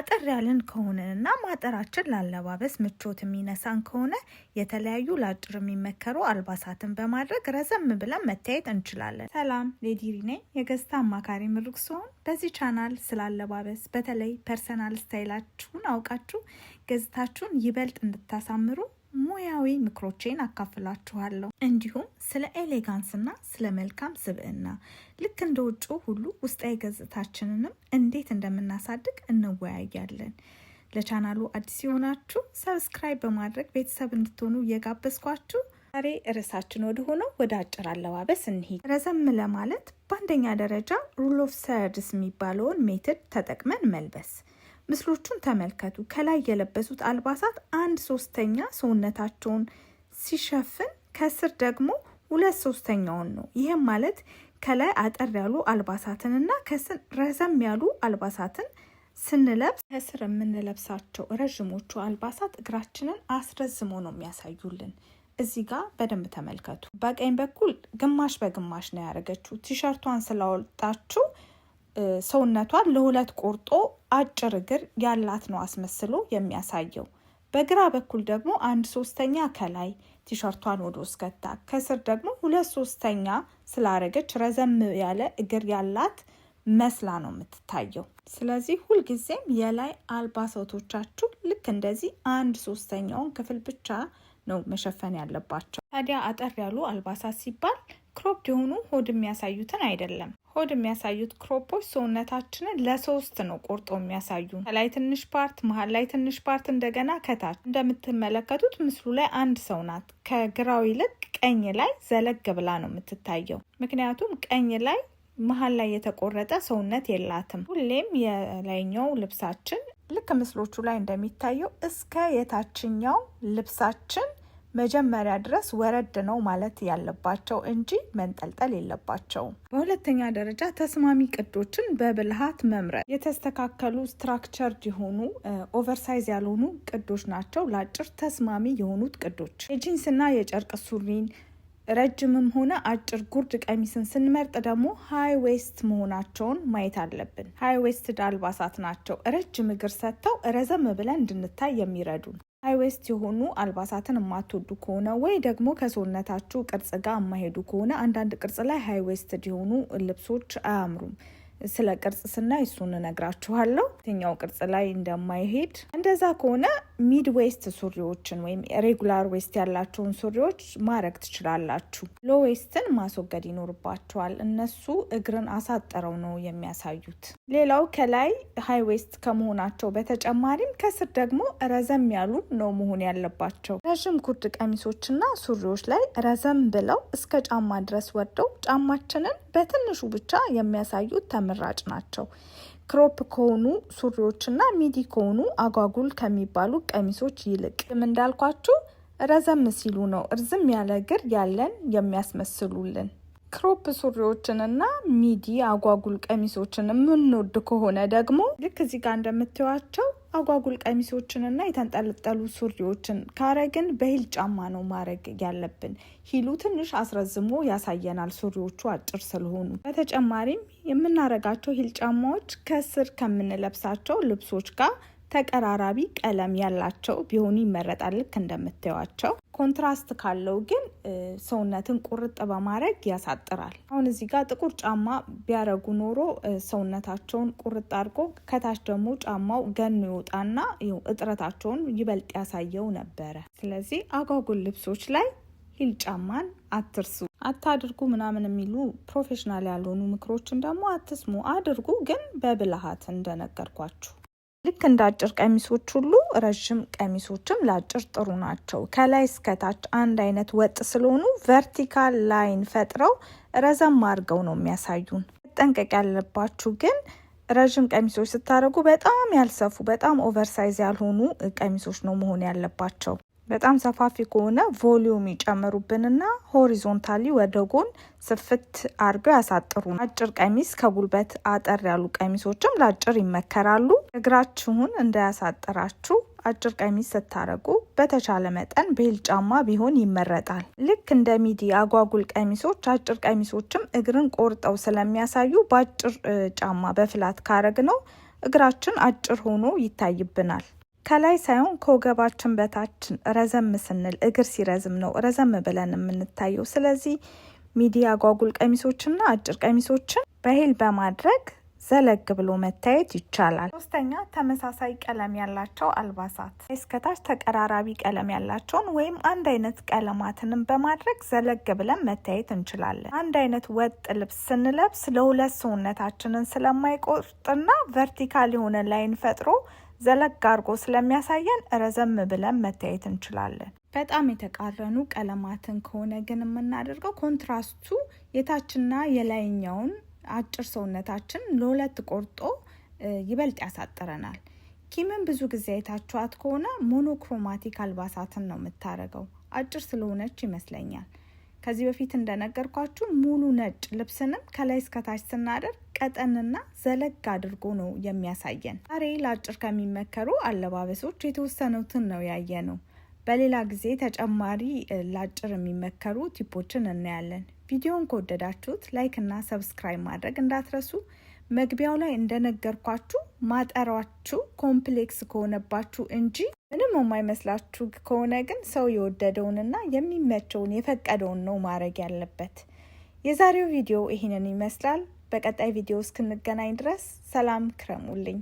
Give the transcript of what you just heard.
አጠር ያልን ከሆነና ማጠራችን ላለባበስ ምቾት የሚነሳን ከሆነ የተለያዩ ለአጭር የሚመከሩ አልባሳትን በማድረግ ረዘም ብለን መታየት እንችላለን። ሰላም ሌዲሪ ነኝ፣ የገጽታ አማካሪ ምሩቅ ሲሆን በዚህ ቻናል ስለ አለባበስ በተለይ ፐርሰናል ስታይላችሁን አውቃችሁ ገጽታችሁን ይበልጥ እንድታሳምሩ ሙያዊ ምክሮቼን አካፍላችኋለሁ። እንዲሁም ስለ ኤሌጋንስና ስለ መልካም ስብዕና ልክ እንደ ውጭ ሁሉ ውስጣዊ ገጽታችንንም እንዴት እንደምናሳድግ እንወያያለን። ለቻናሉ አዲስ የሆናችሁ ሰብስክራይብ በማድረግ ቤተሰብ እንድትሆኑ እየጋበዝኳችሁ ዛሬ ርዕሳችን ወደ ሆነው ወደ አጭር አለባበስ እንሂድ። ረዘም ለማለት በአንደኛ ደረጃ ሩል ኦፍ ሰርድስ የሚባለውን ሜትድ ተጠቅመን መልበስ ምስሎቹን ተመልከቱ። ከላይ የለበሱት አልባሳት አንድ ሶስተኛ ሰውነታቸውን ሲሸፍን ከስር ደግሞ ሁለት ሶስተኛውን ነው። ይህም ማለት ከላይ አጠር ያሉ አልባሳትን እና ከስር ረዘም ያሉ አልባሳትን ስንለብስ ከስር የምንለብሳቸው ረዥሞቹ አልባሳት እግራችንን አስረዝሞ ነው የሚያሳዩልን። እዚህ ጋር በደንብ ተመልከቱ። በቀኝ በኩል ግማሽ በግማሽ ነው ያደረገችው ቲሸርቷን ስላወጣችው ሰውነቷን ለሁለት ቆርጦ አጭር እግር ያላት ነው አስመስሎ የሚያሳየው። በግራ በኩል ደግሞ አንድ ሶስተኛ ከላይ ቲሸርቷን ወደ ውስጥ ከታ፣ ከስር ደግሞ ሁለት ሶስተኛ ስላረገች ረዘም ያለ እግር ያላት መስላ ነው የምትታየው። ስለዚህ ሁልጊዜም የላይ አልባሳቶቻችሁ ልክ እንደዚህ አንድ ሶስተኛውን ክፍል ብቻ ነው መሸፈን ያለባቸው። ታዲያ አጠር ያሉ አልባሳት ሲባል ክሮፕድ የሆኑ ሆድ የሚያሳዩትን አይደለም። ሆድ የሚያሳዩት ክሮፖች ሰውነታችንን ለሶስት ነው ቆርጦ የሚያሳዩ ከላይ ትንሽ ፓርት፣ መሀል ላይ ትንሽ ፓርት፣ እንደገና ከታች። እንደምትመለከቱት ምስሉ ላይ አንድ ሰው ናት። ከግራው ይልቅ ቀኝ ላይ ዘለግ ብላ ነው የምትታየው። ምክንያቱም ቀኝ ላይ መሀል ላይ የተቆረጠ ሰውነት የላትም። ሁሌም የላይኛው ልብሳችን ልክ ምስሎቹ ላይ እንደሚታየው እስከ የታችኛው ልብሳችን መጀመሪያ ድረስ ወረድ ነው ማለት ያለባቸው እንጂ መንጠልጠል የለባቸውም። በሁለተኛ ደረጃ ተስማሚ ቅዶችን በብልሃት መምረጥ የተስተካከሉ ስትራክቸርድ የሆኑ ኦቨርሳይዝ ያልሆኑ ቅዶች ናቸው። ለአጭር ተስማሚ የሆኑት ቅዶች የጂንስና የጨርቅ ሱሪን ረጅምም ሆነ አጭር ጉርድ ቀሚስን ስንመርጥ ደግሞ ሀይ ዌስት መሆናቸውን ማየት አለብን። ሀይ ዌስትድ አልባሳት ናቸው ረጅም እግር ሰጥተው ረዘም ብለን እንድንታይ የሚረዱን። ሃይዌስት የሆኑ አልባሳትን የማትወዱ ከሆነ ወይ ደግሞ ከሰውነታችሁ ቅርጽ ጋር የማይሄዱ ከሆነ አንዳንድ ቅርጽ ላይ ሃይዌስትድ የሆኑ ልብሶች አያምሩም። ስለ ቅርጽ ስናይ እሱን እነግራችኋለሁ። የትኛው ቅርጽ ላይ እንደማይሄድ እንደዛ ከሆነ ሚድ ዌስት ሱሪዎችን ወይም ሬጉላር ዌስት ያላቸውን ሱሪዎች ማድረግ ትችላላችሁ። ሎ ዌስትን ማስወገድ ይኖርባቸዋል። እነሱ እግርን አሳጠረው ነው የሚያሳዩት። ሌላው ከላይ ሀይ ዌስት ከመሆናቸው በተጨማሪም ከስር ደግሞ ረዘም ያሉ ነው መሆን ያለባቸው። ረዥም ጉርድ ቀሚሶችና ሱሪዎች ላይ ረዘም ብለው እስከ ጫማ ድረስ ወርደው ጫማችንን በትንሹ ብቻ የሚያሳዩት ተመራጭ ናቸው። ክሮፕ ከሆኑ ሱሪዎችና ሚዲ ከሆኑ አጓጉል ከሚባሉ ቀሚሶች ይልቅ እንዳልኳችሁ ረዘም ሲሉ ነው እርዝም ያለ እግር ያለን የሚያስመስሉልን። ክሮፕ ሱሪዎችንና ሚዲ አጓጉል ቀሚሶችን የምንወድ ከሆነ ደግሞ ልክ እዚህ ጋር እንደምትዩዋቸው አጓጉል ቀሚሶችንና የተንጠለጠሉ ሱሪዎችን ካረግን በሂል ጫማ ነው ማድረግ ያለብን። ሂሉ ትንሽ አስረዝሞ ያሳየናል ሱሪዎቹ አጭር ስለሆኑ። በተጨማሪም የምናረጋቸው ሂል ጫማዎች ከስር ከምንለብሳቸው ልብሶች ጋር ተቀራራቢ ቀለም ያላቸው ቢሆኑ ይመረጣል። ልክ እንደምታዩቸው ኮንትራስት ካለው ግን ሰውነትን ቁርጥ በማድረግ ያሳጥራል። አሁን እዚህ ጋር ጥቁር ጫማ ቢያረጉ ኖሮ ሰውነታቸውን ቁርጥ አድርጎ ከታች ደግሞ ጫማው ገኖ ይወጣና እጥረታቸውን ይበልጥ ያሳየው ነበረ። ስለዚህ አጓጉል ልብሶች ላይ ሂል ጫማን አትርሱ። አታድርጉ ምናምን የሚሉ ፕሮፌሽናል ያልሆኑ ምክሮችን ደግሞ አትስሙ። አድርጉ ግን በብልሃት እንደነገርኳችሁ ልክ እንደ አጭር ቀሚሶች ሁሉ ረዥም ቀሚሶችም ለአጭር ጥሩ ናቸው። ከላይ እስከታች አንድ አይነት ወጥ ስለሆኑ ቨርቲካል ላይን ፈጥረው ረዘም አድርገው ነው የሚያሳዩን። መጠንቀቅ ያለባችሁ ግን ረዥም ቀሚሶች ስታደርጉ በጣም ያልሰፉ በጣም ኦቨርሳይዝ ያልሆኑ ቀሚሶች ነው መሆን ያለባቸው። በጣም ሰፋፊ ከሆነ ቮሊዩም ይጨምሩብንና ሆሪዞንታሊ ወደ ጎን ስፍት አድርገው ያሳጥሩ አጭር ቀሚስ ከጉልበት አጠር ያሉ ቀሚሶችም ለአጭር ይመከራሉ። እግራችሁን እንዳያሳጥራችሁ አጭር ቀሚስ ስታረጉ በተቻለ መጠን ቤል ጫማ ቢሆን ይመረጣል። ልክ እንደ ሚዲ አጓጉል ቀሚሶች አጭር ቀሚሶችም እግርን ቆርጠው ስለሚያሳዩ በአጭር ጫማ በፍላት ካረግ ነው እግራችን አጭር ሆኖ ይታይብናል። ከላይ ሳይሆን ከወገባችን በታች ረዘም ስንል እግር ሲረዝም ነው ረዘም ብለን የምንታየው። ስለዚህ ሚዲ አጓጉል ቀሚሶችና አጭር ቀሚሶችን በሂል በማድረግ ዘለግ ብሎ መታየት ይቻላል። ሶስተኛ ተመሳሳይ ቀለም ያላቸው አልባሳት እስከታች ተቀራራቢ ቀለም ያላቸውን ወይም አንድ አይነት ቀለማትንም በማድረግ ዘለግ ብለን መታየት እንችላለን። አንድ አይነት ወጥ ልብስ ስንለብስ ለሁለት ሰውነታችንን ስለማይቆርጥና ቨርቲካል የሆነ ላይን ፈጥሮ ዘለግ አድርጎ ስለሚያሳየን ረዘም ብለን መታየት እንችላለን። በጣም የተቃረኑ ቀለማትን ከሆነ ግን የምናደርገው ኮንትራስቱ የታችና የላይኛውን አጭር ሰውነታችን ለሁለት ቆርጦ ይበልጥ ያሳጥረናል። ኪምን ብዙ ጊዜ አይታችኋት ከሆነ ሞኖክሮማቲክ አልባሳትን ነው የምታደርገው። አጭር ስለሆነች ይመስለኛል። ከዚህ በፊት እንደነገርኳችሁ ሙሉ ነጭ ልብስንም ከላይ እስከታች ስናደርግ ቀጠንና ዘለግ አድርጎ ነው የሚያሳየን። ዛሬ ለአጭር ከሚመከሩ አለባበሶች የተወሰኑትን ነው ያየ ነው። በሌላ ጊዜ ተጨማሪ ለአጭር የሚመከሩ ቲፖችን እናያለን። ቪዲዮን ከወደዳችሁት ላይክ እና ሰብስክራይብ ማድረግ እንዳትረሱ። መግቢያው ላይ እንደነገርኳችሁ ማጠሯችሁ ኮምፕሌክስ ከሆነባችሁ እንጂ ምንም የማይመስላችሁ ከሆነ ግን ሰው የወደደውንና የሚመቸውን የፈቀደውን ነው ማድረግ ያለበት። የዛሬው ቪዲዮ ይህንን ይመስላል። በቀጣይ ቪዲዮ እስክንገናኝ ድረስ ሰላም ክረሙልኝ።